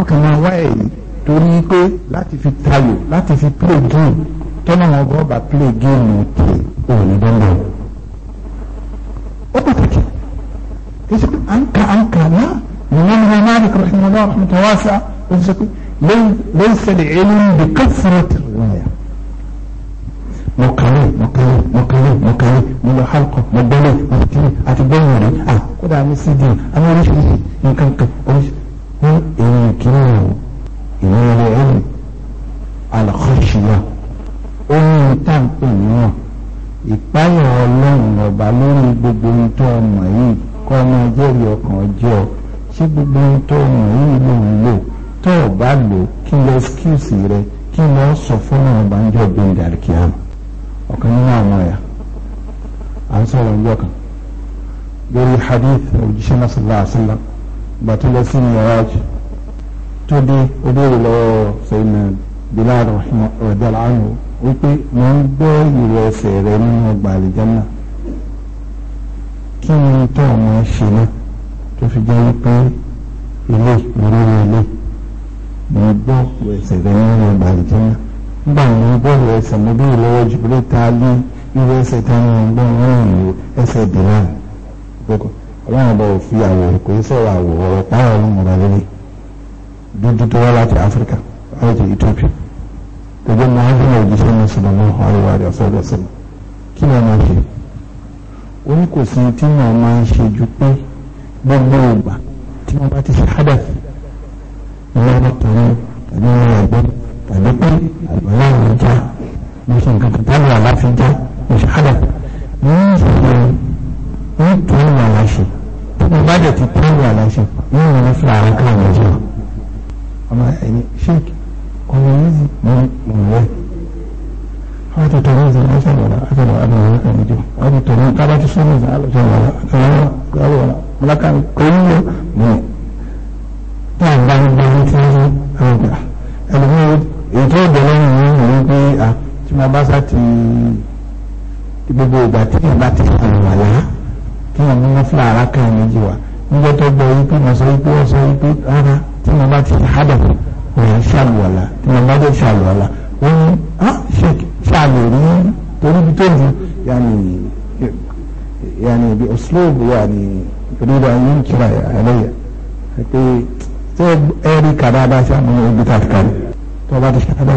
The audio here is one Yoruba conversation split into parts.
wọ́n kàn máa wá ẹ̀yìn torí pé láti fi tayò láti fi play game tọ́nà wọn bọ́ bá play game tè òní dandan. ó pàtàkì èsì pé à ń ka à ń kà náà ìwọ́n ní Malik rahimahullah rahmatan wasi'a ó sọ pé ليس العلم بكثرة الرواية mọ̀kàlẹ́ mọ̀kàlẹ́ mọ̀kàlẹ́ mọ̀kàlẹ́ mọ̀lọ́ halkọ̀ mọ̀gbẹ́lẹ́ mọ̀tí àti gbẹ̀yìn rẹ̀ à kódà ní cd àwọn oríṣiríṣi nǹkan kan oríṣiríṣi èyí kìíní ìwéèrè ẹ̀rù alàkọ́ṣìyà ó ní ìtàǹpé mìíràn ìpáyà ọlọ́run ọba lórí gbogbo ohun tó ọmọ yìí kọ́ ọmọ jẹ́rìí ọkàn jẹ́ ọ sí gbogbo ohun tó ọmọ yìí ló ń lò tó o bá lò kí lọ skills rẹ kí lọ sọ fún àwọn ọbànjọ bíi dàríkìámù ọ̀kan nínú àwọn ẹ̀yà à ń sọ̀rọ̀ ọjọ́ kan lórí hadith òjíṣẹ́ náà sallallahu alaihi wasallam bàtú lọ sí miraj tó dé ó béèrè lọ́wọ́ sẹ́yìn Bilal rọ̀dẹ́lá àánú wípé mo ń gbọ́ ìrò ẹsẹ̀ rẹ nínú ọgbà àlìjánà kí ni tó ọmọ ṣe náà tó fi jẹ́ wípé ilé ìrírí ilé mo ń gbọ́ ìrò ẹsẹ̀ rẹ nínú ọgbà àlìjánà nígbà mo ń gbọ́ ìrò ẹsẹ̀ mo bí ìlọ́wọ́ jìbìrì ta lé ìrò ẹsẹ̀ tá ń gbọ́ ìrìn ẹsẹ̀ Bilal gbọ́kọ̀ ọlọ́run ọba ò fi àwọ̀ kò ń sọ̀rọ̀ àwọ̀ ọ̀rọ̀ pààrọ̀ ní ìmọ̀ràn lélẹ̀ dúdú tó wá láti áfíríkà láti ethiopia gbogbo muhammed òjíṣẹ́ ní sọ̀rọ̀ àríwá rẹ̀ ọ̀sọ̀rọ̀ sọ̀rọ̀ kí ni ọmọ ṣe ó ní kò sí tí wọn máa ń ṣe ju pé gbogbo ìgbà tí wọn bá ti ṣe hádà ìwọ́n bá tọ̀rọ̀ tàbí wọn àgbẹ̀ tàbí pé àgbàlá àwọn já mo ṣe nǹkan kan táwọn àláfíà já mo ṣe hádà mo ń sọ̀rọ̀ ní tún ìwà aláṣẹ tó bá dẹ̀ ti tún ìwà aláṣẹ ní ìwà ní fúra ara kan àjọ ọmọ ẹni sheik ọmọ yìí ní ìwé àwọn ti tọrọ ìzẹ lọsọlọlá àtọrọ àbẹwò àjọ àwọn ti tọrọ kábà ti sọ̀rọ̀ ìzẹ alọsọlọlá àtọrọ àbẹwò mọlákà kọyíyọ ní táà bá ń bá ń tún ní àwọn ìgbà ẹlòmíràn ètò ìdọ̀lẹ́ yìí ní ìwé pé a tí mo bá sá ti gbogbo ìgbà tí ìgbà ti làákà méjì wa níjẹ́ tó gbọ́ yí pé mo sọ wípé ó wípé rárá tí mo bá ti hádà kò yẹ ṣàlùwàlà tí mo bá dé ṣàlùwàlà ó ní á ṣàlù rí torí bí tó ju yàní yàní bí òṣìlóòbù yàní ríra yín kíra àlẹyà pé ṣé ẹ rí kàdá bá ṣàmù ibi tá a fi tó bá ti ṣàdá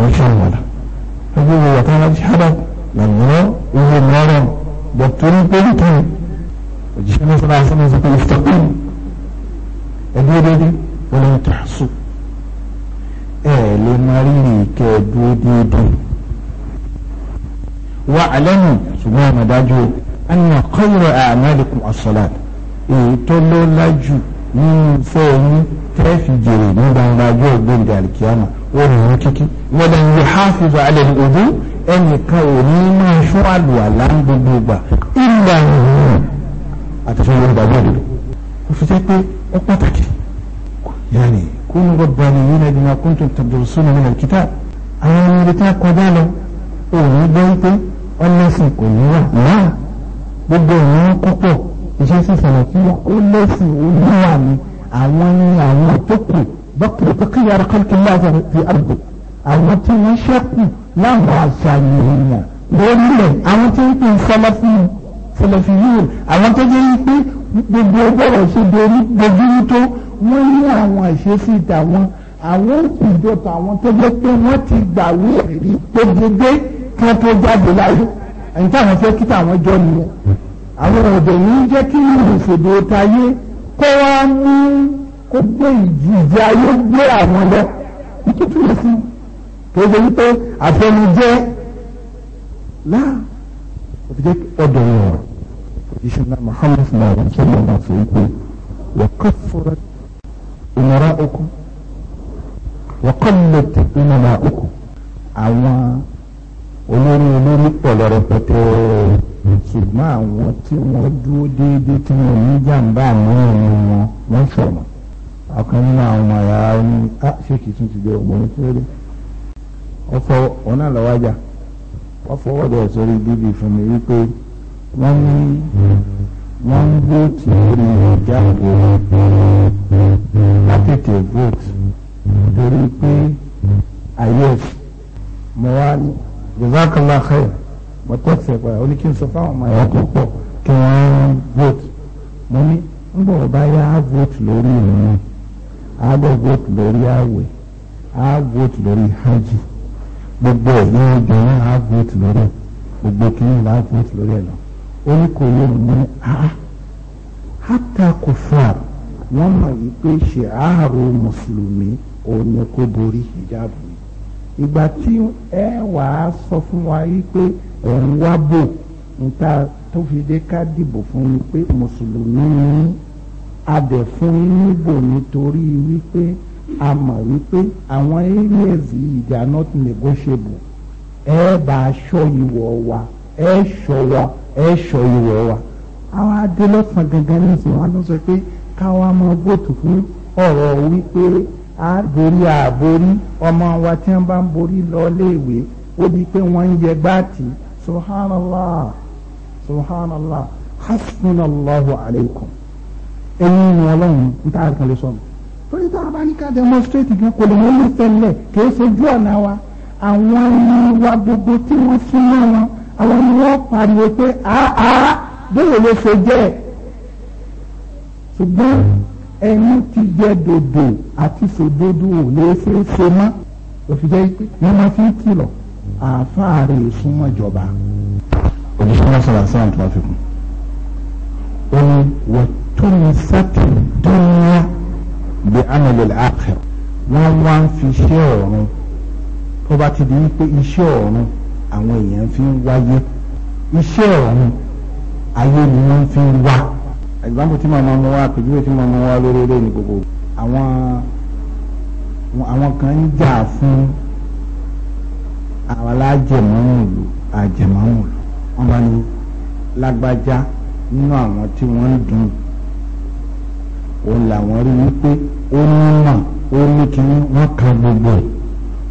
ọ̀ ṣàlùwàlà ó bí wọ́n yàtọ̀ bá ti ṣàdá òjíṣẹ́ náà sọ́nà àṣẹ náà sọ pé ìfọ̀kùn ẹ̀dúró déédé wọ́n lè tà sùn ẹ̀ lè má rírì kẹ́ ẹ̀ dúró déédé wà á lẹ́nu ṣùgbọ́n àmàdájú ẹni àkọ́yọ̀ àmàlẹ́kùn àṣọlá èyí tó lọ́lá jù nínú fẹ́ yín jèrè ní gbangba ọjọ́ ògbóǹde àlìkíyàmà ó ní kíkí wọ́n lẹ́nu yóò háfíìsì alẹ́ òdú ẹnìkan ò ní máa ṣọ́ àlùwàlá ń gbogbo gbà ìlànà àti fún yorùbá bí òdodo ó fi jẹ́ pé ó pàtàkì yáni kunu rabbaniyina bima kuntum tadrusuna min al-kitab àwọn ọmọ ìrètí akọjá lọ òun gbọ́ wípé ọlẹ́sìn kò ní wà náà gbogbo ìran púpọ̀ iṣẹ́ sísọ̀rọ̀ tí ó lẹ́sìn olúwa ni àwọn ni àwọn tó kù bọ́kùnrin tó kí yàrá kọ́lùkì láàbọ̀ fi àbò àwọn tí wọ́n ṣẹ́kù láwọn àṣàyàn lórílẹ̀ àwọn tí ń pè ń sọ́lá fún un sẹlẹ̀fì yìí àwọn tó jẹ́ pé gbogbo bọ̀rọ̀ ṣe dorí gbogbo tó wọ́n ní àwọn àṣesí tàwọn àwọn òpìjọ tàwọn tó jẹ́ pé wọ́n ti gbàwé rí gbogbo kí wọ́n tó jáde láyé ẹ̀yìn táwọn fẹ́ kí táwọn jọ nìyẹn àwọn ọ̀dọ̀ yìí jẹ́ kí ìrìnsèdè tayé kó wá mú kó gbé ìjìjì ayé gbé àwọn lọ nítorí wọ́n sí kò ṣe wípé àfẹnujẹ́ láà òfìjẹ́ ọ̀dọ̀ yìí ọ̀rọ̀ ìṣẹ̀lẹ̀ muhammad sallallahu alaihi wa sallam sọ wípé wàkàfọ̀rọ̀ ìmọ̀ra okùn wàkàlẹ̀ ìmọ̀ra okùn àwọn olórí olórí pọ̀ lọ rẹpẹtẹ ṣùgbọ́n àwọn tí wọ́n dúró déédéé tí wọ́n ní jàǹbá àwọn ọ̀run wọn wọ́n sọ̀rọ̀ ọ̀kan nínú àwọn ọmọ ẹ̀yà ní ṣéèkì tún ti jẹ́ òmùrí fúnlẹ̀ ọ̀fọ̀ ọ̀nà lọ́wọ́jà wọ́n fọwọ́ dẹ̀ sórí bíbí fún mi wípé wọ́n ní wọ́n ń vóòtù lórí ìjà látètè vóòtù torí pé àyẹ̀f mo wá ní jọ̀zákàlá xẹ́ mo tẹ̀sẹ̀ padà ó ní kí n sọ fáwọn ọmọ ẹ̀yà tó pọ̀ kí wọ́n vóòtù mo ní ń bọ̀ bá yá vóòtù lórí ìrìn àgbọ̀ vóòtù lórí àwẹ̀ àvóòtù lórí hajj gbogbo ẹ̀yìn obìnrin àvóòtù lórí gbogbo kìnìún àvóòtù lórí ẹ̀ lọ orí kò lè mú àá hátà kò fà wọ́n mọ̀ wípé ṣe àárò mùsùlùmí òun ni kó borí hijab yìí ìgbà tí ẹ wà á sọ fún wa wípé ẹ̀ ń wá bò níta tó fi dé ká dìbò fún mi pé mùsùlùmí ni adẹ̀ fún yín níbò nítorí wípé a mọ̀ wípé àwọn areas yìí they are not negotiable ẹ bá aṣọ ìwọ̀ wa ẹ ṣọ wa. ẹ ṣọ ìwọ̀ wa àwọn adé lọ́sàn gangan nísìnyí wọn lọ pé káwọn ọmọ fún a ọmọ wa tí wọ́n bá ń borí lọ léèwé ó di pé wọ́n ń yẹ gbáàtì subhanallah subhanallah hasbunallahu alaykum ẹni ní ọlọ́run níta lè torí tá a bá ní ká demonstrate gan kò lè mọ́ ní sẹ́lẹ̀ kì í wa àwọn wa gbogbo tí wọ́n àwọn ni wọ́n pariwo pé àá bẹ́ẹ̀ ló ṣe jẹ́ ṣùgbọ́n ẹni tí jẹ́ dòdò àti sòdodo ò lè ṣe é ṣe mọ́ òfin jẹ́ pé wọ́n máa fi ń kìlọ̀ àáfàá rẹ̀ súnmọ́ ìjọba. òjíṣẹ́ wọn sọ̀rọ̀ àṣà àtúwá fi ó ní wọ́n tún ní sátì dúnúyà bí amẹ̀lẹ̀ àkẹ́ wọ́n wá ń fi iṣẹ́ ọ̀run tó bá ti di wípé iṣẹ́ ọ̀run àwọn èèyàn fi ń wáyé iṣẹ́ ọ̀hún ayé ni wọ́n fi ń wá. àgbàǹkù tí màmá mo wá àpèjúwe tí màmá wá lórí eré ní gbogbo àwọn àwọn kan ń jà fún àwọn alájẹmọ́mù ìlú àjẹmọ́mù ìlú wọ́n bá ní lágbájá nínú àwọn tí wọ́n ń dùn òun làwọn rí wípé ó ní mọ̀ ó ní kíní wọ́n kan gbogbo ẹ̀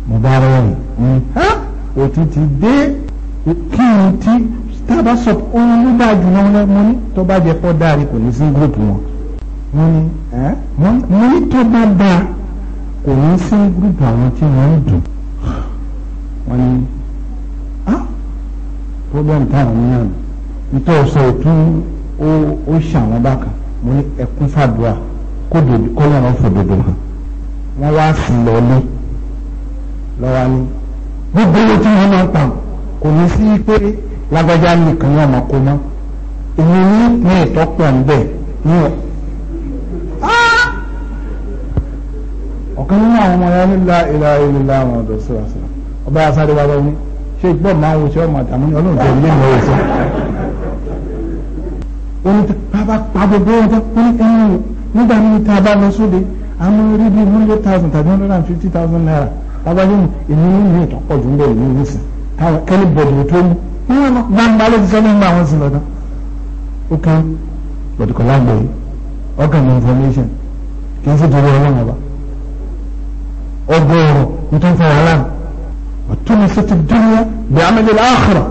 mo bá rọrùn òtítì dé kí n tí tábà sọ ohun ló dáa jù lọ wọn mo ní tó bá jẹ pọ́ dáa ni kò ní sí gúrùpù wọn mo ní ẹ mo ní tó bá dáa kò ní sí gúrùpù àwọn tí wọ́n ń dùn wọ́n ní ah problem táwọn ní àná nítorí ọ̀sẹ̀ òtún ó ṣàwọn bákan mo ní ẹkún fàdúrà kó lọ́rọ̀ fòdodo hàn wọ́n wá sí lọ́lé lọ́wọ́ ní gbogbo owó tí wọ́n máa ń pa kò ní sí pé lágbájá nìkan ní ọmọ kó mọ́ èmi ní ní ẹ̀tọ́ pọ̀ níbẹ̀ ní ọ̀. ọ̀kan nínú àwọn ọmọ ya nílá ìlà ìlà àwọn ọ̀dọ̀ síra síra ọba asáré wa lọ́wọ́ ní ṣé ìgbọ́n máa ń wo ṣé ọmọ àtàmú ọlọ́run tó lé ìwọ̀n ẹ̀sẹ̀. oní tí bàbá pa gbogbo ohun tó kún nígbà míì tá bá lọ sóde àwọn orí bíi hundred thousand tàbí hundred and fifty thousand naira bàbá yìí èmi ní ìlú ìtọ́pọ̀ jù ń bẹ̀ ìlú ìlú sìn káwọn kẹ́lí bọ̀dù tó mú wọn lọ gbangba ló ti sọ nígbà wọn sì lọ́dọ̀ ó kán lọ́dọ̀kọ̀ lágbè ọkàn information kì í sì dúró ọlọ́run ọba ọgọ́rọ̀ nítorí fún wàhálà ọ̀tún mi sì ti dúró bí amẹ́jọ láàkàrà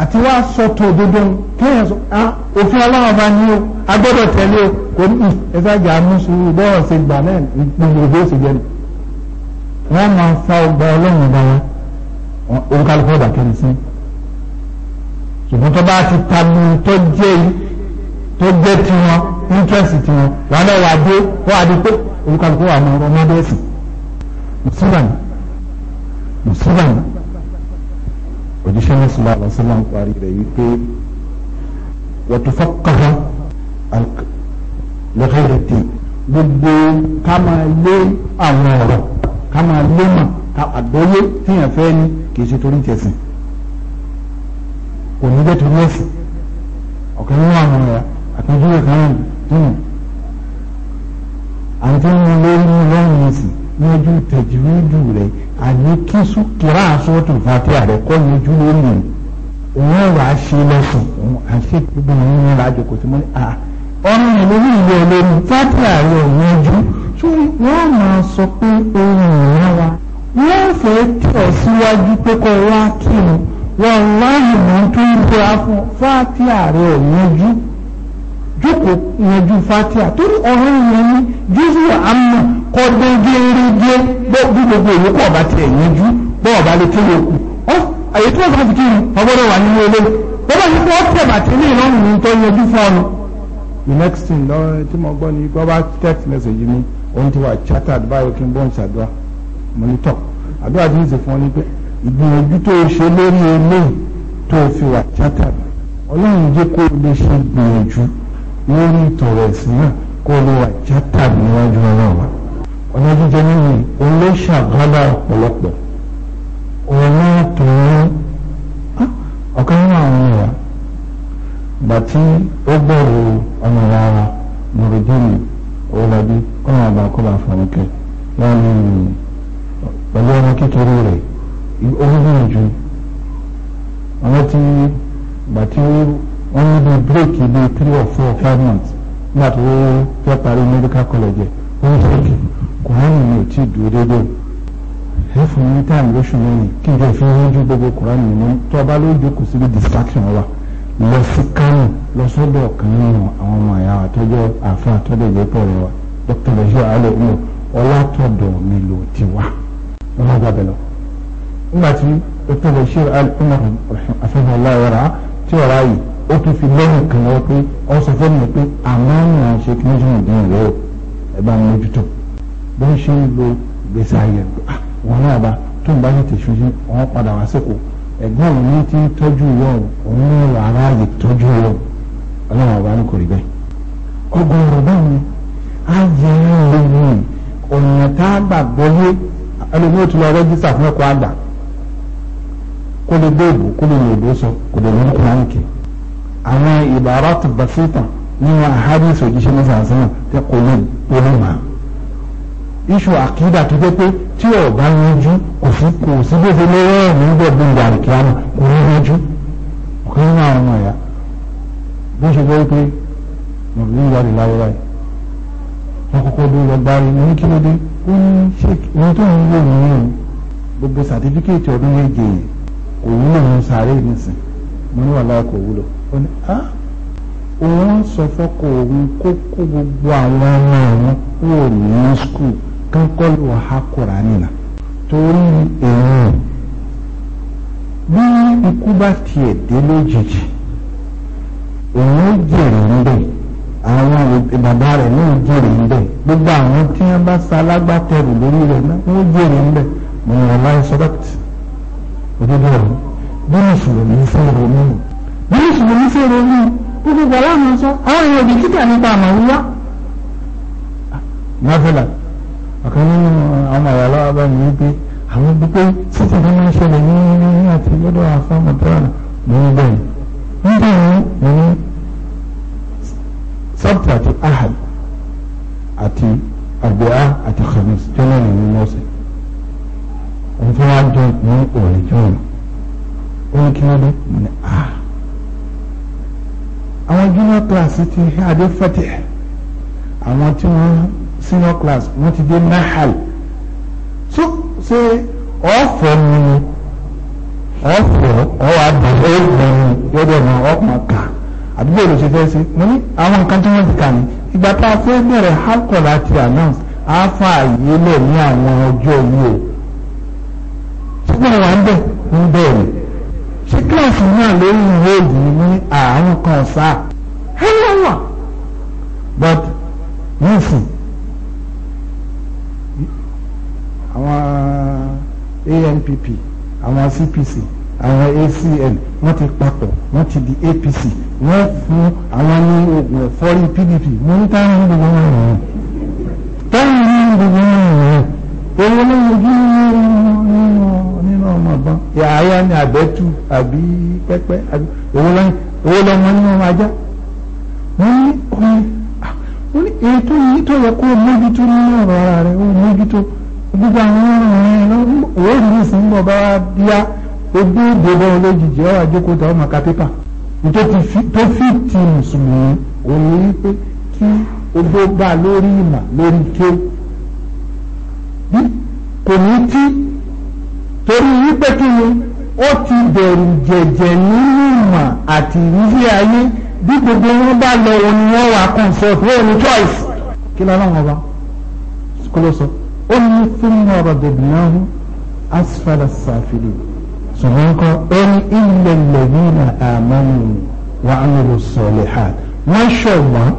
àti wá sọ̀tọ̀ òdodo kéèyàn sọ ah, òfin ọlọ́run ọba ni ó agbọ́dọ̀ tẹ̀lé o kò ní ẹ̀fẹ́ wọ́n máa sá ọgbà ọlọ́run ọba wa olùkálùkù ọba kẹrin sí ṣùgbọ́n tó bá ti tabu tó jẹ́ tó jẹ́ tiwọn interest tiwọn wà náà wà dé wọ́n á di pé olùkálùkù wà mọ ọmọdé ẹ̀sìn mùsùlùmí mùsùlùmí òjíṣẹ́ náà sọ̀rọ̀ àwọn sọ́lá ń parí rẹ̀ yìí pé wọ́n ti fọ́kànlá lọ́kàlẹ̀ tì gbogbo ká máa lé àwọn ọ̀rọ̀ ká máa lé mà àgbọ́yé téèyàn fẹ́ ní kì í ṣe torí tẹ̀sìn kò ní jẹ́ torí ẹ̀sìn ọ̀kan nínú àwọn ẹ̀yà àpèjúwe kan nínú hmm. àwọn tó ń mú lórí lọ́rùn ẹ̀sìn yanjú tẹ̀jìrìdù rẹ̀ àní kí súkìrá àsọ́tò fàtíà rẹ̀ kọ́ yanjú lórí òun ẹ̀wà ṣe lọ́sùn àṣẹ gbogbo ìrìn ìrìn àjò kò sí mọ́ ní àá ah, ọ̀rọ̀ rẹ̀ lórí ìwé ọlọ́run fátíà rẹ̀ yanjú ṣé wọ́n máa sọ pé ohun ìran wa wọ́n fẹ́ tẹ̀ síwájú pé kọ́ wá kírun wọ́n láàyè mọ́ tó ń bóra fún fátíà rẹ̀ yanjú jókòó yanjú fátíà torí ọ̀rọ̀ yẹn ní jésù àmọ́ kọ́ déédéé bí gbogbo ìlú pọ̀ bá tiẹ̀ yanjú bọ́ọ̀ bá lè kéwòn kù àyè tí wọ́n fà fi kírun ọgbọ́dọ̀ wà nínú ilé bọ́ọ̀ bá ti fọ́ tẹ̀ bàtí ní ìlọ́run tó fún ọ the next thing lọ tí mo gbọ́ ni gbọ́ bá text message mi ohun tí wà chattered báyìí kí n bọ́ ń ṣàdúrà mo ní tọ̀ àdúrà tí ń ṣe fún ọ ni pé ìgbìyànjú tó o ṣe lórí eléyìí tó o fi wà chattered ọlọ́run jẹ́ kó o lè ṣe gbìyànjú lórí ìtọ̀rọ̀ ẹ̀sìn náà kó o lè wà chattered níwájú ọlọ́run wa ọ̀nà jíjẹ nínú olóṣàgbọ́dá ọ̀pọ̀lọpọ̀ ọ̀nà tó ń gbàtí ó gbòòrò ọmọ ìyá wa nùrùdínì ọ̀làbí kọ́nà àbá kọ́ba àfọ̀nìkẹ́ láàmì pẹ̀lú ọmọ kékeré rẹ̀ ó gbìyànjú ju ọmọ tí wọ́n ní bíi bírèkì bíi three or four five months nígbà tó fẹ́ parí medical college ó ń bírèkì kò hàn mí ò tí ì dúró déédéé ẹ fún mi táìmù lóṣù mẹ́rin kí n jẹ́ fi ń rújú gbogbo kùránì mi tó ọba ló jókòó síbi distraction wa lọ sí kánò lọ sọ́dọ̀ kan nínú àwọn ọmọ àyà àtọ́jọ́ àfa àtọ́jọ́ ìgbẹ́pọ̀ rẹ wa dr bashir alẹ́ ìmọ̀ ọlátọ̀dọ̀ mi ló ti wá wọn bá gbàgbẹ́ lọ. nígbà tí dr bashir alẹ́ ìmọ̀ àfẹ́fẹ́ ọláyọ̀rá tí ọ̀rá yìí ó tún fi lẹ́yìn kan lọ pé ọ sọ fún mi pé àmọ́ àwọn àṣẹ kí wọ́n jìnnà dín ìrẹ́ o ẹ bá wọn mójútó bó ń ṣe ń lo gbèsè àyẹ̀ ah, wọn náà bá tó ń bá yẹ tẹ̀síwájú wọn padà wá sẹ́kọ̀ọ́ ẹ̀gbọ́n òun ní ti tọ́jú wọn òun náà wà aráàlú tọ́jú wọn ọlọ́run ọba ní kò rí bẹ́ẹ̀ ọgọ́rùn-ún báyìí á yẹ ẹ̀rọ yìí ọ̀nà tá a bà gbọ́yé ẹlòmíì tún lọ rẹ́jísà fún ẹ̀kọ́ àgbà kó lè gbóòbò kó lè lè bó sọ kó lè lóyún kúránì àwọn ìbára tó bá síta nínú àhádìsì òjíṣẹ́ mẹ́sàn-án sẹ́yìn tẹ́ kò lè polówó iṣu àkídà tó dé pé tí ọba yanjú kò sí kò sí gbèsè lọ́wọ́ ẹ̀mí ń bẹ̀ gbòǹdà àríkìámà kò ní yanjú ọ̀kan nínú àwọn ọmọ ẹ̀yà bí ó ṣe jẹ́ pé nàbí ìyáàdì láwùrá yìí wọ́n kọ́kọ́ dé lọ́gbárí ní kí ló dé ó ní ṣèkì ohun tó ń wò nìyẹn gbogbo sàtífíkèètì ọdún méje yìí kò wúlò ní sàárè nìsín mo ní wàhálà kò wúlò ó ní á òun sọ fọ́kọ̀ òun kó kó gbogbo àwọn ọmọ òun kúrò ní skul kankọlu wà ha Kùránì nà torí èèyàn bí ikú bá tiẹ̀ dé lójijì òun jèrè ńbẹ̀ àwọn bàbá rẹ̀ náà jèrè ńbẹ̀ gbogbo àwọn tí wọ́n bá salágbátẹrù lórí rẹ̀ náà wọ́n jèrè ńbẹ̀ mọ̀nà láì sọ́dọ̀tì òdodo rẹ̀ bí mùsùlùmí fẹ́ ronú bí mùsùlùmí fẹ́ ronú gbogbo àwọn sọ àwọn èèyàn òbí kíkà nípa àmàwíwá. Ah, ọ̀kan nínú àwọn àyàlọ́ abá mi wípé àwọn gbogbo títí tó máa ń ṣẹlẹ̀ ní ilé ní àti lọ́dọ̀ àfọ́mọ̀ tọ́rọ̀nà mo ń bẹ̀rẹ̀ nígbà yẹn mo ní sábtà àti ahad àti àgbẹ̀á àti khamis jọ́nà ní ní mọ́sẹ̀ òun fún wa jọ ní òòlì jọ́nà ó ní kí wọ́n dé ní ah àwọn jọ́nà kíláàsì ti adé fẹ́tẹ̀ àwọn tí wọ́n senior class wọ́n ti dé nahal so ṣe ọ̀fọ̀ mi ni ọ̀fọ̀ ọ̀wà àbẹ̀wò ẹ̀gbọ́n mi yọ̀dọ̀ mi ọ̀pọ̀ kà àdúgbò ló ṣe fẹ́ sí mo ní àwọn nǹkan tí wọ́n ti kà ní ìgbà tá a fẹ́ bẹ̀rẹ̀ halkọ̀ láti announce àáfà àyílẹ̀ ní àwọn ọjọ́ yìí o ṣùgbọ́n wà ń bẹ̀ ń bẹ̀rẹ̀ ṣé kíláàsì náà lórí ìwé yìí ní àárín kan sáà hẹ́lẹ́wà but nísìnyí. àwọn ANPP àwọn CPC àwọn ACN wọ́n ti papọ̀ wọ́n ti di APC wọ́n fún àwọn ní oògùn ẹ̀fọ́rí PDP mo ní táwọn ní gbogbo wọn rẹ̀ táwọn ní gbogbo wọn rẹ̀ owó ló yọjú nínú nínú ọmọ ọ̀bọ̀n ìyáyá ni àbẹ́tù àbí pẹ́pẹ́ owó lọ́yìn owó lọ́mọ nínú ọmọ ajá wọ́n ní ọmọ wọ́n ní èyí tó yẹ kó mójútó nínú ọ̀rọ̀ ara rẹ̀ o mójútó gbogbo àwọn ọmọ yẹn òwe ìrírí sí ń bọ̀ bá wá bíá ojú ìdìbò olójijì ọ̀rọ̀ àjókòó tó ọmọ ká pépà tó fi ti mùsùlùmí òun ní wípé kí odó gbà lórí ìmọ̀ lórí ké bí kò ní tí torí wípé kí ni ó ti bẹ̀rù jẹ̀jẹ̀ nínú ìmọ̀ àti ìrírí ayé bí gbogbo wọn bá lọ òun ni wọn wà consult wọn ò ní choice kí lọ́nà wọn bá kó ló sọ ó ní fúnmi radadnahu asfala sàfìlì ṣùgbọ́n kan ó ní illa alladhina amanu wa amilu salihat wọ́n ṣọ̀wọ́n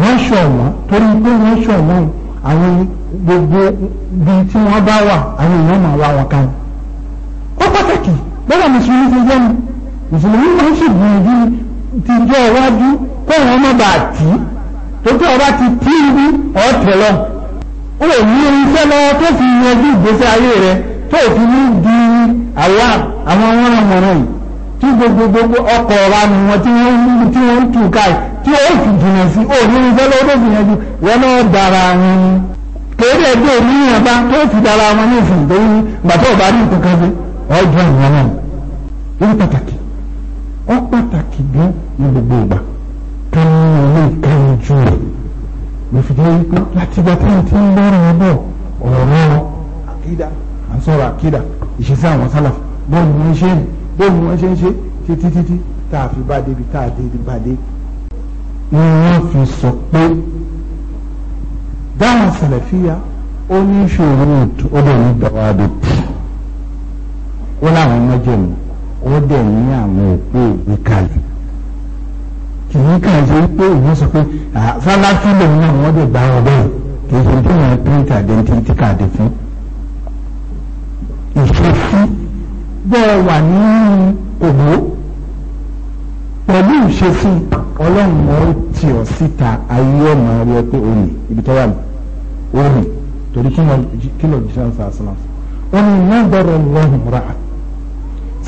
wọ́n ṣọ̀wọ́n torí pé wọ́n ṣọ̀wọ́n àwọn gbogbo bíi tí wọ́n bá wà àwọn èèyàn máa wá wọn kan ó pàtàkì bẹ́ẹ̀ mùsùlùmí ti jẹ́ mi mùsùlùmí máa ń ṣègbìyànjú ti jọ iwájú kó wọn má bàa tì í tó tó ọba ti tì í bí ọ̀tẹ̀ lọ ó lè ní iṣẹ́ lọ́wọ́ tó fi yanjú ìgbésẹ̀ ayé rẹ tó fi ní di àwa àwọn wọ́nàmọ̀ràn tí gbogbogbò ọkọ̀ ọ̀ranù wọn tí wọ́n ń tí wọ́n ń tù káì tí ó fi jìnà sí ó ní iṣẹ́ lọ́wọ́ tó fi yanjú wọn náà dára wọn ni kéde ẹgbẹ́ oníyàn bá tó fi dára wọn ní ìsìn tó ní bàtà ọba ní nǹkan kan sí ọjọ́ ìwọ̀n náà ó pàtàkì ó pàtàkì gan ní gbogbo ìgbà kan ní ilé ìkànnì jù rẹ̀ ló fi jẹ́ wípé láti gba tí n ti ń lọ́rùn ẹ bọ̀ ọ̀rọ̀ àkídà à ń sọ̀rọ̀ àkídà ìṣesí àwọn sálàf bóun ni wọ́n ṣe ń bóun ni ṣe ń ṣe ṣe títí tá a fi bá débi tá a débi bá dé ni wọ́n fi sọ pé dáhùn sàlẹ̀fíà ó ní ìṣòro ó dẹ̀ ní dáwà dòtí ó láwọn mọ́jẹ̀mú ó dẹ̀ ní àwọn òpó ìgbékalẹ̀ kìí kàn ṣe pé ìyẹn sọ pé fálákì lòun náà wọ́n lè gbà wọn bẹ́ẹ̀ kìí ṣe tó yàn print identity card fún. ìṣesí bẹ́ẹ̀ wà ní òwò pẹ̀lú ìṣesí ọlọ́run ó tì ọ́ síta ayé ọmọ rẹ pé òní ibi tó wà ní òní torí kí ló jíṣẹ́ ń sá sílá. náà bọ̀rọ̀ lọ́hùn-ún rà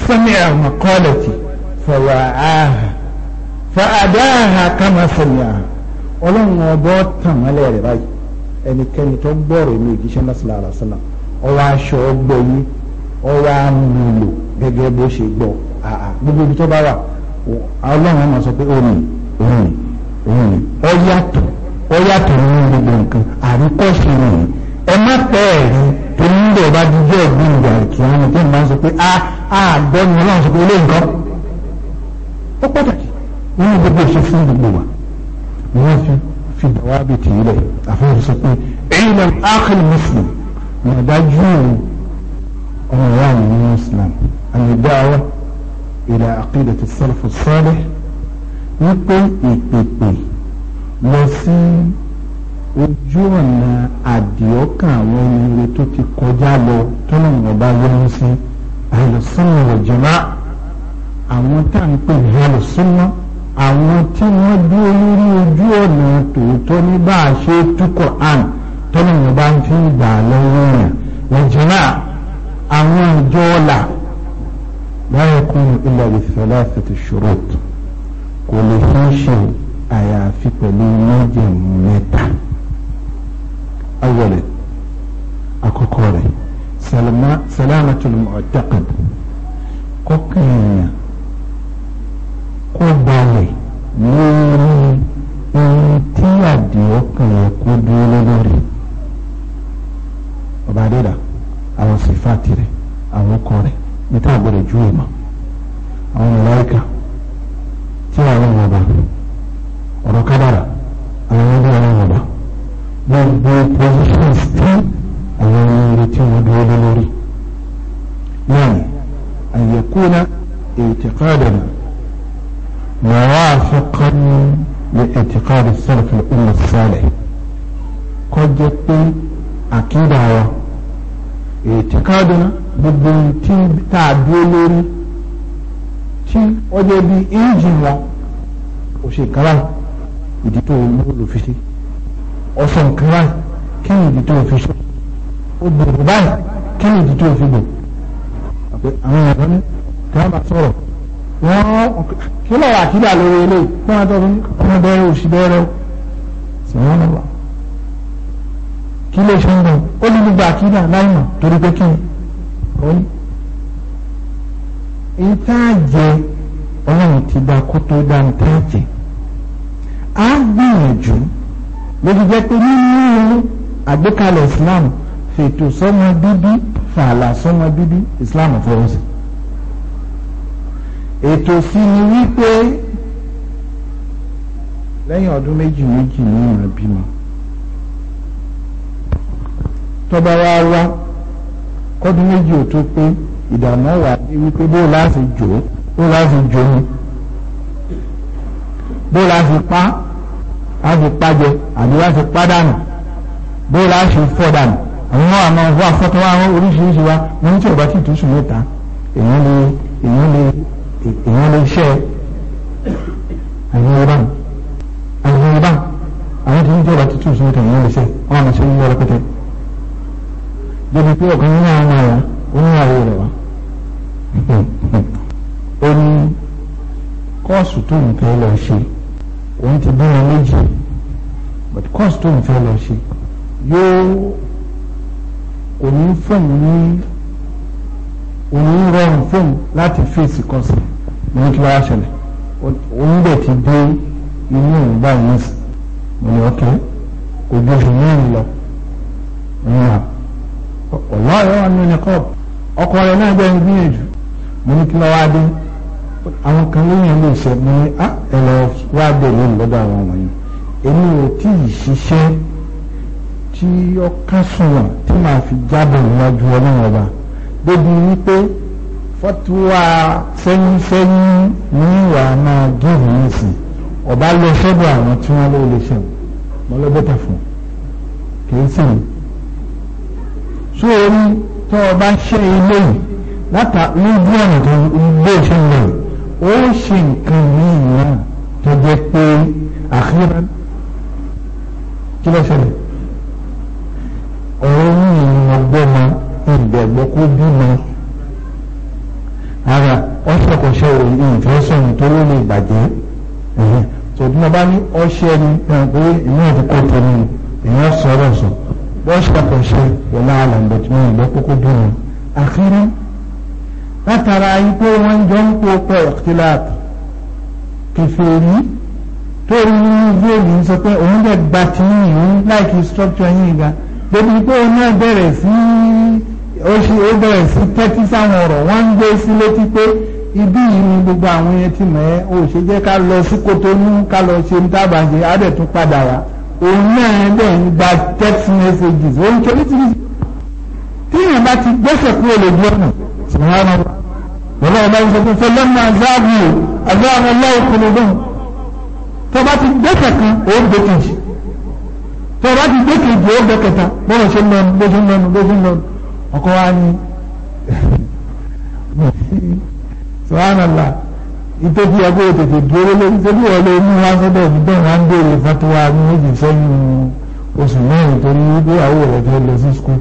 sẹ́mi àwọn kọ́lẹ̀tì fọwọ́ ààhà fàdáhà kama sẹ̀mìà ọlọ́run ọbọ̀ tàn mọ́lẹ̀ rẹ̀ báyìí ẹnikẹ́ni tó gbọ́rọ̀ mi ìdíṣẹ́ lọ́sọ̀lá àlọ́sọ̀lá ọwọ́ aṣọ ọgbọ́ yìí ọwọ́ amúlò gẹ́gẹ́ bó ṣe gbọ́ gbogbo ibi tó bá wà ọlọ́run ọmọ sọ pé òun òun òun ọ yàtọ̀ ọ yàtọ̀ nínú gbogbo nǹkan àríkọ́ṣe nìyí ẹ má pẹ́ ẹ̀rí tó ń bọ̀ bá dídí ọ̀gbìn ìgbà kí wọ́n ti máa sọ pé a ah, àgbẹ̀ ah, ni ọlọ́run sọ pé olóògbọ́n ó pàtàkì wọ́n ní gbogbo ìṣe fún gbogbo wa ni wọ́n fi fi dàwa bẹ̀ tì í lẹ̀ àfihàn sọ pé ẹ̀yìnlẹ̀ ákìlì mùsùlùm mà dájú ọmọ ìyá mi ní islam àmì dáwà ìlà àkìlẹ̀tì sálfù sálẹ̀ wípé ìpèpè lọ sí ojú ọ̀nà àdìọ́kàn àwọn ẹnìyẹn tó ti kọjá lọ tọ́nà ìwọ̀nba yẹn sí àlùsùnnà wal jamaa àwọn tá à ń pè àwọn tí wọ́n dúró lórí ojú ọ̀nà tòótọ́ ní bá a ṣe tú Quran tọ́lọ́mù bá ń fi gbà lọ́wọ́ yẹn wọ̀jìnà àwọn ìjọ ọ̀la báyọ̀ kún ilẹ̀ ìfẹ́lẹ́ àfẹ́tì ṣòrot kò lè fún ṣe àyàfi pẹ̀lú májẹ̀mú mẹ́ta awọ́lẹ̀ àkọ́kọ́ rẹ̀ salamatu al-mu'taqad kọ́kàn èèyàn kó balẹ̀ lórí ohun tí àdìọ́ kan yẹ kó dúró lórí ọba adéda àwọn sífàtì rẹ̀ àwọn ọkọ rẹ̀ níta àgbọ̀dọ̀ ju ìmọ̀ àwọn màláíkà tí àwọn ọmọ ọba ọ̀rọ̀ kádàrà àwọn ọdún àwọn ọba gbogbo positions tí àwọn ọmọ orí tí wọ́n dúró lórí náà àyẹ̀kúnà ètèkádàrà. موافقا لاعتقاد السلف الأمة الصالح قد يكون عقيدة اعتقادنا بالبنتين تعديلوري tí wọ́n jẹ́ bí ẹ́ńjìn wọn kò ṣe kárà ìdí tó mú lò fi ṣe ọ̀sán kárà kí ni ìdí tó fi ṣe ó gbòòrò báyìí kí ni ìdí tó fi gbò. àwọn ìyàwó ní kí wọ́n máa sọ̀rọ̀ wọ́n kí lọ́wọ́ àkídà lórí ilé kí wọ́n tó fún bẹ́ẹ̀rẹ̀ òsì bẹ́ẹ̀rẹ̀ sẹ́wọ́n lọ́wọ́ kí lè ṣe ń bọ̀ ó ní gbogbo àkídà láìmọ̀ torí pé kí ni ìta jẹ ọlọ́run ti da kó tó dá ń tẹ́ jẹ á gbìyànjú lójú jẹ́ pé nínú àgbékalẹ̀ Islam fètò sọ́mọ bíbí fàlà sọ́mọ bíbí Islam fọwọ́sí ètò sí ni wípé lẹ́yìn ọdún méjì méjì ní ìmọ̀ bímọ tọ́ba wa wá kọ́dún méjì ò tó pé ìdààmú wà ní wípé bó láti jò ó bó láti jò ó bó láti pa láti pa jẹ àbí láti pa dànù bó láti fọ́ dànù àwọn àmọ́ fún afọ́tọ́wá oríṣiríṣi wa wọ́n ní tí ò bá ti tùsùn mẹ́ta èèyàn lè èèyàn lè èèyàn lè ṣe àìmọye báwọn àìmọye báwọn àwọn tí wọ́n jọba tuntun sínú tẹ̀yìn lè ṣe wọ́n àmì sí ní pẹ́tẹ́ débi pé ọ̀kan nínú àwọn ọmọ rẹ̀ ó ní àwọ̀ rẹ̀ wá ó ní kọ́ọ̀sì tó ń fẹ́ lọ ṣe òun ti bímọ méjì but kọ́ọ̀sì tó ń fẹ́ lọ ṣe yóò kò ní fún un ní òun rọrùn fóun láti fèsì kan sí ní kí wàá ṣẹlẹ̀ òun dẹ̀ ti dé inú òun báyìí ní sùn mo ní ọkẹ́ kò ju oṣù mẹ́rin lọ ah, nínú ọ̀la ọ̀yọ́ wa nínú ẹ̀kọ́ ọkọ rẹ̀ náà bẹ́ẹ̀ ń gbìyànjú mo ní kí wàá dé àwọn kan ló yàn lè ṣe mo ní á ah, ẹ lọ wá dé lónìí lọ́dọ̀ àwọn wọ̀nyí èmi ò tí ì ṣiṣẹ́ tí ọkàn tí màá fi jábọ̀ níwájú ọlọ́run ọba débi wípé fọ́túwà fẹ́yìnfẹ́yìn ní ìwà máa gíìrì yìí sí ọba lọ sọ́dọ̀ àwọn tí wọ́n lóò lè ṣe mọ́ lọ bẹ́tà fún kìí sì ní. sọ orí tó o bá ṣe ilé yìí látà lójú ọ̀nà tó ilé iṣẹ́ ń lọ ó ṣe nǹkan míì náà tó jẹ́ pé àkíyàn kí ló ṣẹlẹ̀ ọ̀rọ̀ yìí ni mo gbọ́ máa ìbẹ̀gbọ́ kó bímọ ara ọ̀ṣẹ̀kọ̀ṣẹ̀ ìfẹ́sọ̀n tó ló lè bàjẹ́ tòtí mo bá ní ọṣẹ ni pé ìmú ìdíkọ̀ tèmi èèyàn sọ̀rọ̀ sọ bọ́ṣẹ̀kọ̀ṣẹ̀ wọlé àlàǹdọ̀ tí mo ìbọ̀ kókó bímọ. àkírí látara ipò wọn jọ ń pò pọ̀ ìtìláàtì kẹfẹ́rí tó rí nínú bíèlì ń sọ pé òun dẹ̀ gba tìyìn òun láìkí structure yín ga débi pé òun náà bẹ̀rẹ̀ sí í ó ṣe ó bẹ̀rẹ̀ sí tẹ́tí sáwọn ọ̀rọ̀ wọ́n ń gbé sí létí pé ibí yìí ni gbogbo àwọn yẹn ti mọ̀ ẹ́ ó ṣe jẹ́ ká lọ sí Kotonu ká lọ ṣe ní tábàṣe adẹ̀tún padà wá òun náà dẹ̀ ń gba text messages òun kò ní ti rí tíyẹn bá ti gbẹ́sẹ̀ kúrò lójú ọ̀nà ṣùgbọ́n wọn ọba ń sọ pé fẹlẹ́mú azáàbù azáàbù ọlọ́wọ́ kúlódún tó bá ti gbẹ́sẹ̀ kan ó gbé kejì tó bá ti gbé kejì ó gbé kẹta bọ́ọ̀ ṣe ń lọnu bó ń lọnu bó ń lọnu ọkọ wa ni sọ́hánàlá ìtòkí ẹgbẹ́ òtètè dúró lórí tó bí wọ́n lé ní wọn béèrè fatuwa ní méjì sẹ́yìn oṣù mẹ́rin torí wípé àwọn òrẹ̀jẹ̀ lọ sí skul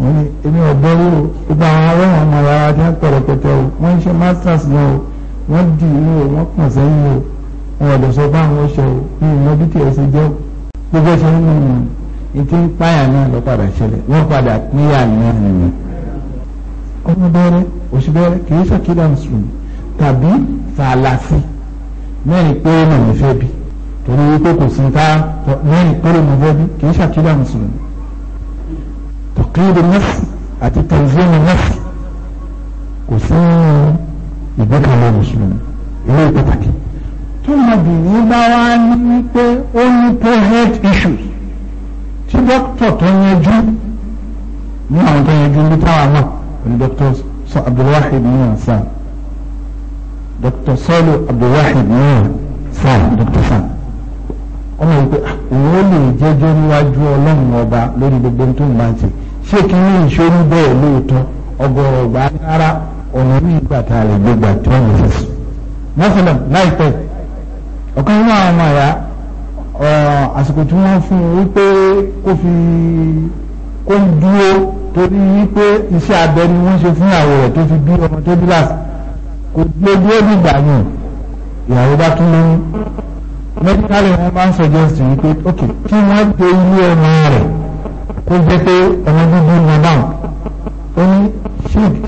wọ́n ní èmi ọ̀gbẹ́ wo gbogbo àwọn arẹ́wọ̀n ọmọ ara jẹ́ pẹ̀rẹ̀pẹ̀tẹ̀ o wọ́n ń ṣe masters náà o wọ́n dì í o wọ́n pọ̀ sẹ́yìn o wọn ò lè sọ báwọn ṣe o bí ìmọ̀ bí tiẹ̀ ṣe jẹ́ gbogbo ẹ̀ṣẹ̀ nínú ìmọ̀ ìtí ń páyà náà ló padà ṣẹlẹ̀ wọ́n padà níyà náà nìyẹn. ọmọ bẹ́rẹ̀ oṣù bẹ́rẹ̀ kì í ṣàkíyà mùsùlùmí tàbí fàlàfì mẹ́rin péré náà ló fẹ́ bí torí wípé kò sí ká mẹ́rin péré ló fẹ́ bí kì í ṣàkíyà mùsùlùmí. tọ̀kìlì nọ́ọ̀sì àti tanzania nọ́ọ̀sì kò sí ìgbékalẹ̀ mùsùlùmí ilé pàtàkì. tó máa bìrì bá wá ní pé ó ní pro health issues tí dókítà tó yanjú ní àwọn tó yanjú ní táwa náà ní dókítà sọ abdulwahid ní ansan dókítà sọlọ abdulwahid ní ansan dókítà sàn ọmọ yìí pé ah, òun ó lè jẹ́jọ́ níwájú ọlọ́run ọba lórí gbogbo tó ń bá ti ṣé kí ní ìṣòro bẹ́ẹ̀ lóòótọ́ ọgọ́rọ̀ ọgbà rárá ọ̀nà ní ìgbàta rẹ̀ gbégbà tí wọ́n lè fi sùn. mọ́sálẹ̀ láìpẹ́ ọ̀kan nínú àwọn ọmọ àyà àsìkò tí wọ́n fún un wípé kó fi kó ń dúró torí wípé iṣẹ́ abẹ ni wọ́n ṣe fún ìyàwó rẹ̀ tó fi bí ọmọ tó bí láti kò dúró dúró dìgbà yẹn ìyàwó bá tún lóyún medically wọ́n máa ń suggest wípé ok kí wọ́n dé ilé ọmọ rẹ̀ kó jẹ́ pé ọmọ bíbí ń lọ náà ó ní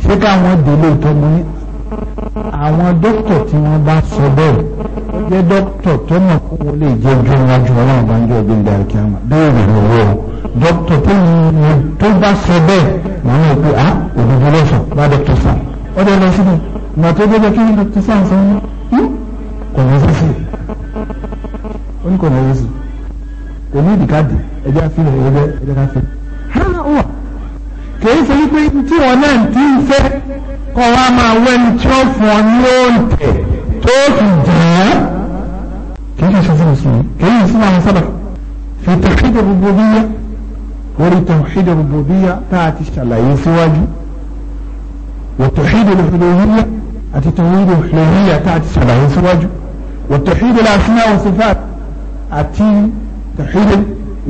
ṣé káwọn dé lóòótọ́ mo ní àwọn dókítà tí wọ́n bá sọ bẹ́ẹ̀ ó jẹ́ dókítà tó mọ̀ kó ó lè jẹ́ ojú iwájú ọlọ́run bá ń jẹ́ ọgbẹ́ ìdá ìkíyàmà bẹ́ẹ̀ rẹ̀ lọ́wọ́ o dókítà tó ní tó bá ṣe bẹ́ẹ̀ wọ́n náà pé ah òdodo ló sọ bá dókítà sọ ó dẹ̀ lọ síbi mà tó dé bẹ́ẹ̀ kí ni dókítà sọ àǹsán ní hmm? kò ní sí sí ó ní kò ní sí kò ní ìdíkàdì ẹjẹ́ àfihàn ẹjẹ́ ẹjẹ́ káfíìn hánà ó wà kìí ṣe wípé tí wọn náà ti ń fẹ́ kọ́ wa máa wẹ́ni tí wọ́n fún ọ ní كيف يشوفون المسلمين كيف يشوفون عن سبق في توحيد الربوبية ولي توحيد الربوبية تاتي على يسواجي وتوحيد الألوهية أتي توحيد الألوهية تاتي على يسواجي وتوحيد الأسماء والصفات أتي توحيد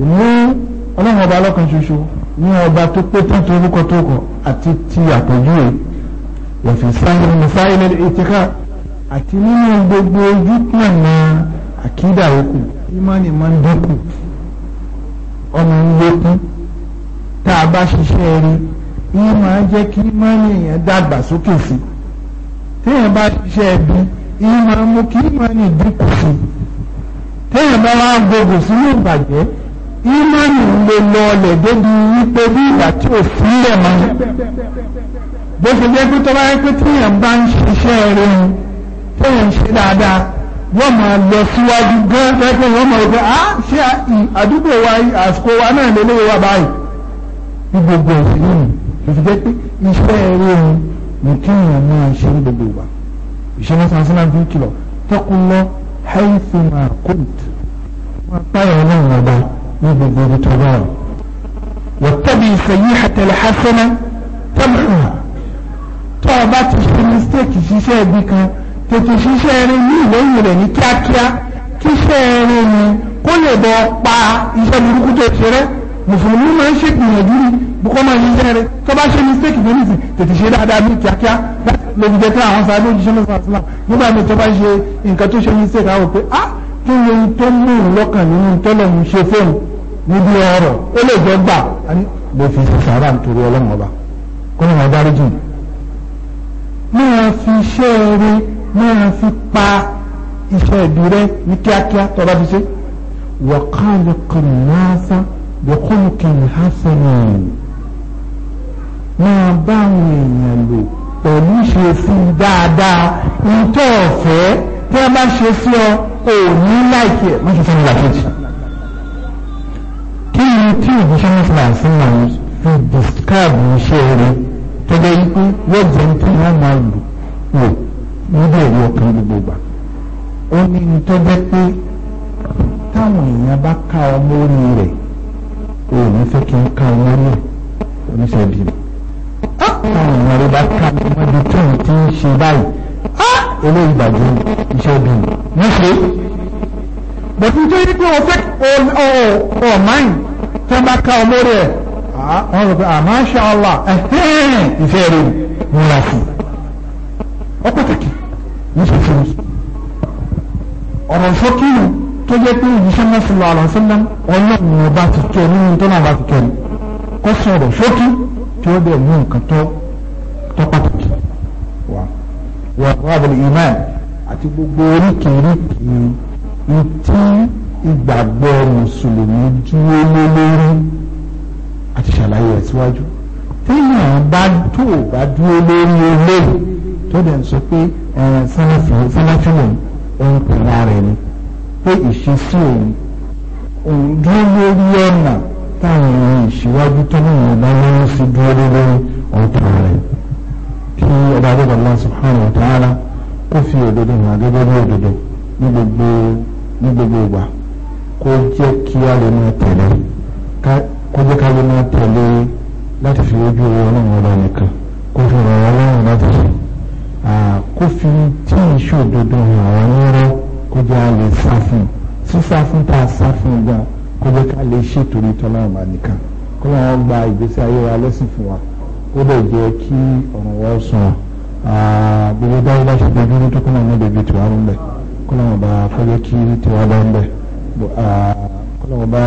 ìmú ọlọ́run ọba ọlọ́kan ṣoṣo ní ọba tó pé tán tó orúkọ tó kọ àti ti àpèjúwe wọ̀fìn sáyẹn mùsáyẹn ìtìká àti nínú gbogbo ojú pọ̀ náà Akida yòókù imani máa ń dínkù ọmọ ń lékún tá a bá ṣiṣẹ́ rí ìyẹn máa jẹ́ kí ìmánì èèyàn dàgbà sókè sí téèyàn bá ṣiṣẹ́ ẹbí ìyẹn máa mú kí ìmánì dínkù sí téèyàn bá wá gbogbo sínú ìbàjẹ́ ìmánì lè lọ ọlẹ̀ débi wípé bí ìgbà tí ò sílẹ̀ mọ́ bó ṣe jẹ́ pé tó bá yẹ pé téèyàn bá ń ṣiṣẹ́ rẹ̀ téèyàn ń ṣe dáadáa wọ́n máa lọ síwájú gan pẹ́pẹ́ wọ́n máa wípé ah ṣé àdúgbò wa àsìkò wa náà lè lówó wa báyìí ní gbogbo ẹ̀sìn nínú èsì jẹ́ pé iṣẹ́ eré ohun ní kí èèyàn máa ṣe ní gbogbo wa ìṣẹ́ni sansana fi ń kìlọ̀ tẹ́kun lọ haithu ma kult wọn páyọ̀ ọlọ́run ọba ní gbogbo ibi tó bá wà. wọ́tẹ́bi ìfẹ̀yí àtẹlẹ hasana tẹ́lẹ̀ tó o bá tètè ṣiṣẹ́ ẹrin ní ìlẹ́yìn rẹ̀ ní kíákíá kí iṣẹ́ ẹrin ni kó lè bọ́ pa iṣẹ́ burúkú tó ti rẹ́ mùsùlùmí máa ń ṣe ìgbìyànjú rí bukọ́ máa ní iṣẹ́ rẹ̀ tó bá ṣe mistake ní nìsín tètè ṣe dáadáa ní kíákíá lóbi jẹ́ pé àwọn sáré òjíṣẹ́ mẹ́sàn-án sílá nígbà mi tó bá ṣe nǹkan tó ṣe mistake àwọn pé ah kí ni ohun tó mú òun lọ́kàn nínú tọ́lọ̀ ń ṣe fóun níbi ọ̀rọ̀ ó lè jọ gbà bó fi ṣe sàárà nítorí ọlọ́run ọba kó ní wọn dáríjì ní wọn fi iṣẹ́ rẹ̀ máa fi pa iṣẹ́ ìbí rẹ ní kíákíá tó bá fi ṣe wà káàlù kan náà bẹ̀kọ́nù kìnnì hasanan máa bá àwọn èèyàn lò pẹ̀lú ṣe fún dáadáa nítọ́ ọ̀fẹ́ tí a bá ṣe sí ọ ò ní láìkí ẹ̀ má ṣe sẹ́ni làkejì kí ni tí òjíṣẹ́ náà fún àṣìṣe náà fi discard iṣẹ́ rẹ tó bẹ́ẹ̀ pé wọ́n jẹun tí wọ́n máa lò wò níbi èrè ọkàn gbogbo gbà ó ní nítorí pé táwọn èèyàn bá ká ọmọ orí rẹ̀ o ò ní fẹ́ kí n ká ọmọ orí ẹ̀ oníṣẹ́ bí mi táwọn èèyàn rẹ̀ bá ká ọmọ ibi tí òun ti ń ṣe báyìí eléyìí gbàgbé iṣẹ́ bí mi níṣẹ́ bọ̀tún tó yí pé ọ̀fẹ́ ọ̀ọ́máìn tó bá ká ọmọ orí ẹ̀ ah, wọ́n rò pé àmọ́ ṣe ọlá ẹ̀hẹ́n ìfẹ́ rẹ̀ ń ra fún ọ pàtàkì níṣẹ́fẹ́ ọ̀rọ̀ ṣókìlù tó jẹ́ pé ìyíṣẹ́ mọ́sílọ̀ àlọ́sílẹ̀ ọlọ́run ọba ti kẹ́ nínú tó náà bá ti kẹ́ kó sí ọ̀rọ̀ ṣókì tí ó bẹ̀ mú nǹkan tó tó pàtàkì wà wà rábìlì imán àti gbogbo oríkèéríkèé ní tí ìgbàgbọ́ mùsùlùmí dúró lé lórí àti ṣàlàyé ẹ̀ síwájú téèyàn bá tó bá dúró lórí olóòrùn tó dẹ̀ ń sọ pé sáàfì fúláfínà òun pèlà rẹ̀ ni pé ìṣesí òun òun dúró lórí ọ̀nà táwọn ohun ìṣíwájú tó ní ìwọ̀n bá lọ́wọ́ sí dúró lórí ọ̀tọ̀ rẹ̀ kí ọba àdébà Allah subhanahu wa ta'ala kó fi òdodo hàn gẹ́gẹ́ bí òdodo ní gbogbo ní gbogbo ìgbà kó jẹ́ kí a lè máa tẹ̀lé kó jẹ́ ká lè máa tẹ̀lé láti fi ojú owó ọlọ́run ọba nìkan kó fi ràn wá lọ́rùn láti ṣe kó fi tí ìṣòdodo hàn wá nírọ́ kó jẹ́ a lè sá fún un sísá fún tá a sá fún un gan kó jẹ́ ká lè ṣètò nítorí ọlọ́run bá nìkan kó lọ́wọ́ gba ìgbésí ayé wa lẹ́sìn fún wa ó lè jẹ́ kí ọ̀rọ̀ wa sùn wa gbogbo dáwọ́ bá ṣe dojú ní tókùnà ní bèbè tiwa ń bẹ̀ kó lọ́wọ́ bá fọ́jọ́ kí tiwa bá ń bẹ̀ kó lọ́wọ́ bá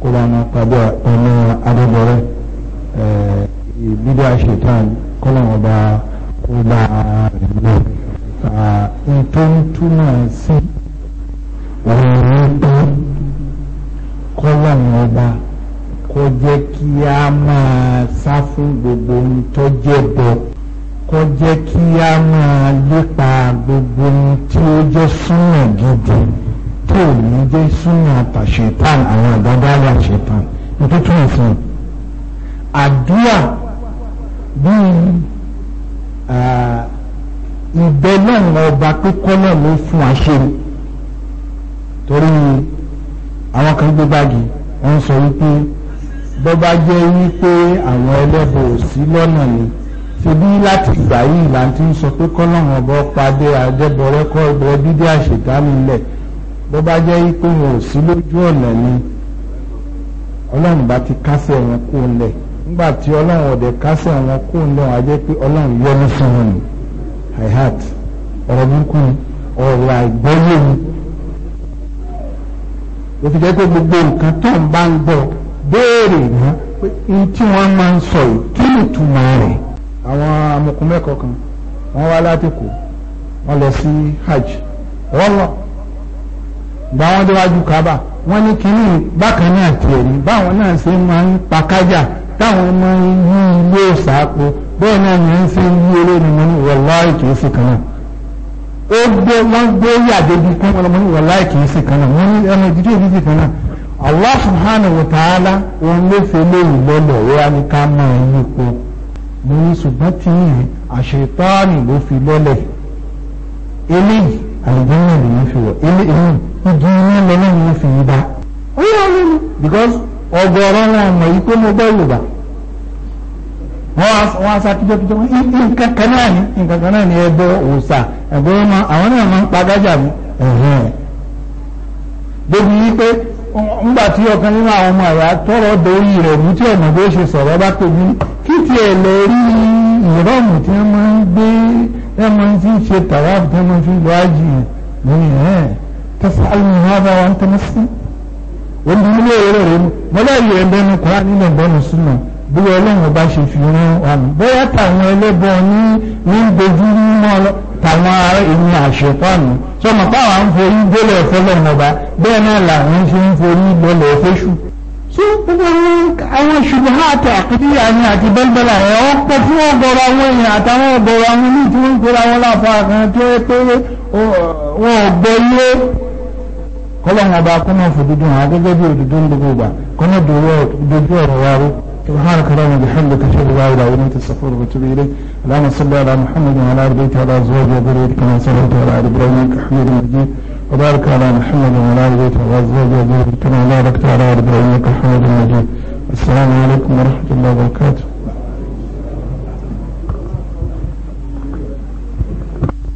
kó bá máa pàdé ọ̀nà adébọ̀rẹ́ ìbídọ́ àṣetán kó lọ́wọ́ bá kó bá rẹ̀ lọ ètò ń túmọ̀ sí ọ̀rọ̀ pé kọ́lọ́run ọba kó jẹ́ kí a máa sá fún gbogbo ohun tó jẹ́ bọ̀ kó jẹ́ kí a máa lépa gbogbo ohun tí ó jẹ́ súnmọ̀ gidi tí ò ní jẹ́ súnmọ̀ àtàṣetán àwọn àdádálẹ̀ àṣetán nítorí fún un àdúrà bíi. Ah, ìbẹ́ náà ọba pípọ́ náà ló fún àṣírí torí àwọn kan gbé báàgì wọ́n sọ wípé bọ́ bá jẹ́ wípé àwọn ẹlẹ́bọ̀ ò sí lọ́nà ni ṣebí láti ìgbà yìí là ń ti ń sọ pé kọ́lọ́hún ọba padé àjẹbọ̀rẹ́kọ́ ìbẹ̀rẹ̀ dídé àṣetánì lẹ̀ bọ́ bá jẹ́ wípé wọn ò sí lójú ọ̀nà ni ọlọ́run bá ti kásẹ̀ wọn kó lẹ̀. nígbà ti ọlọ́run ọ̀dẹ̀ kásẹ̀ wọn kó ń lọ́run pé ọlọ́run yọ́nú fún wọn ni i heart ọ̀rọ̀ burúkú ni ọ̀rọ̀ àìgbọ́yé ni ó fi jẹ́ pé gbogbo nǹkan tó ń bá ń gbọ́ béèrè pé n tí máa ń sọ yìí kí ni ìtumọ̀ rẹ̀. àwọn amukumẹ́kọ̀ọ́ kan wọ́n wá láti kó wọ́n lọ sí hajj gba wọn déwájú kábà ní kínní bákan náà tiẹ̀ ní báwọn náà ṣe máa ń pa kájà táwọn ọmọ yí ilé ìsàpò bẹ́ẹ̀ náà ni ń fi yí olóòrùn mọ́ ní wọ̀láì kìí sí kan náà ó gbé wọ́n gbé yàdé bí kún wọn mọ́ ní wọ̀láì kìí sí kan náà wọ́n ní ẹnu ìdílé òbí sí kan náà Allah subhanahu wa ta'ala wọn ló fi léyìn lọ́lọ́ á ní ká máa yí po mo ní ṣùgbọ́n tí yìí àṣetáàní ló fi lọ́lẹ̀ eléyìí àìjẹ́ náà lè ní fi wọ̀ eléyìí igi iná lọ́lẹ́ ni wọ́n fi yí bá. ó yà á lóyún because ọgọrọ wọn mọ yìí pé mo gbọ́ yorùbá wọn wọn aṣa kíjọkíjọ nǹkan kan náà ni nǹkan kan náà ni ẹbọ òòṣà ẹbọ ọmọ àwọn náà máa ń pa gájà mi débi yìí pé ńgbà tí ọ̀kan nínú àwọn ọmọ àyà tọrọ dorí rẹ̀ mú tí ọmọ bó ṣe sọ̀rọ̀ bá tóbi kí tiẹ̀ lọ rí ìrọ̀mù tí wọ́n máa ń gbé wọ́n máa ń fi ṣe tàwa tí wọ́n máa fi lọ ájì yẹn lónìí ẹ̀ tẹ̀sán àlùmọ́ bá wọn òun bí ilé ẹ̀rọ rẹ̀ mú mọ́lẹ́rì rẹ̀ bẹ́nu kọ́ra nílẹ̀ bọ́nu súnà bí ọlọ́run ọba ṣe fi rán ọmọ bóyá táwọn ẹlẹ́bọ ní ní ń dojú mọ́ táwọn ará ìlú àṣepánu sọmọ páwọn ń forí gbélé ọ̀fọ́lọ́run ọba bẹ́ẹ̀ náà làwọn ṣe ń forí gbélé ọ̀fẹ́ṣù. tó gbogbo àwọn ṣùgbọ́n àti àkútíyà ni àti bẹ́lbẹ́lá rẹ̀ wọ́n pẹ́ fún ọgọ́rọ̀ àwọn èèyàn àtàwọn ọgọ́rọ̀ àwọn oníjì kọ́lọ́hún ọba kó máa fò dúdú hàn gẹ́gẹ́ bí òdòdó ń gbogbo ìgbà kó dojú ọ̀rọ̀ wa rú سبحانك اللهم وبحمدك لا اله على محمد وعلى ال بيته وعلى ازواجه وذريته كما صليت على ال ابراهيم انك مجيد وبارك على محمد وعلى ال بيته وعلى ازواجه وذريته كما باركت على ال ابراهيم انك مجيد السلام عليكم ورحمه الله وبركاته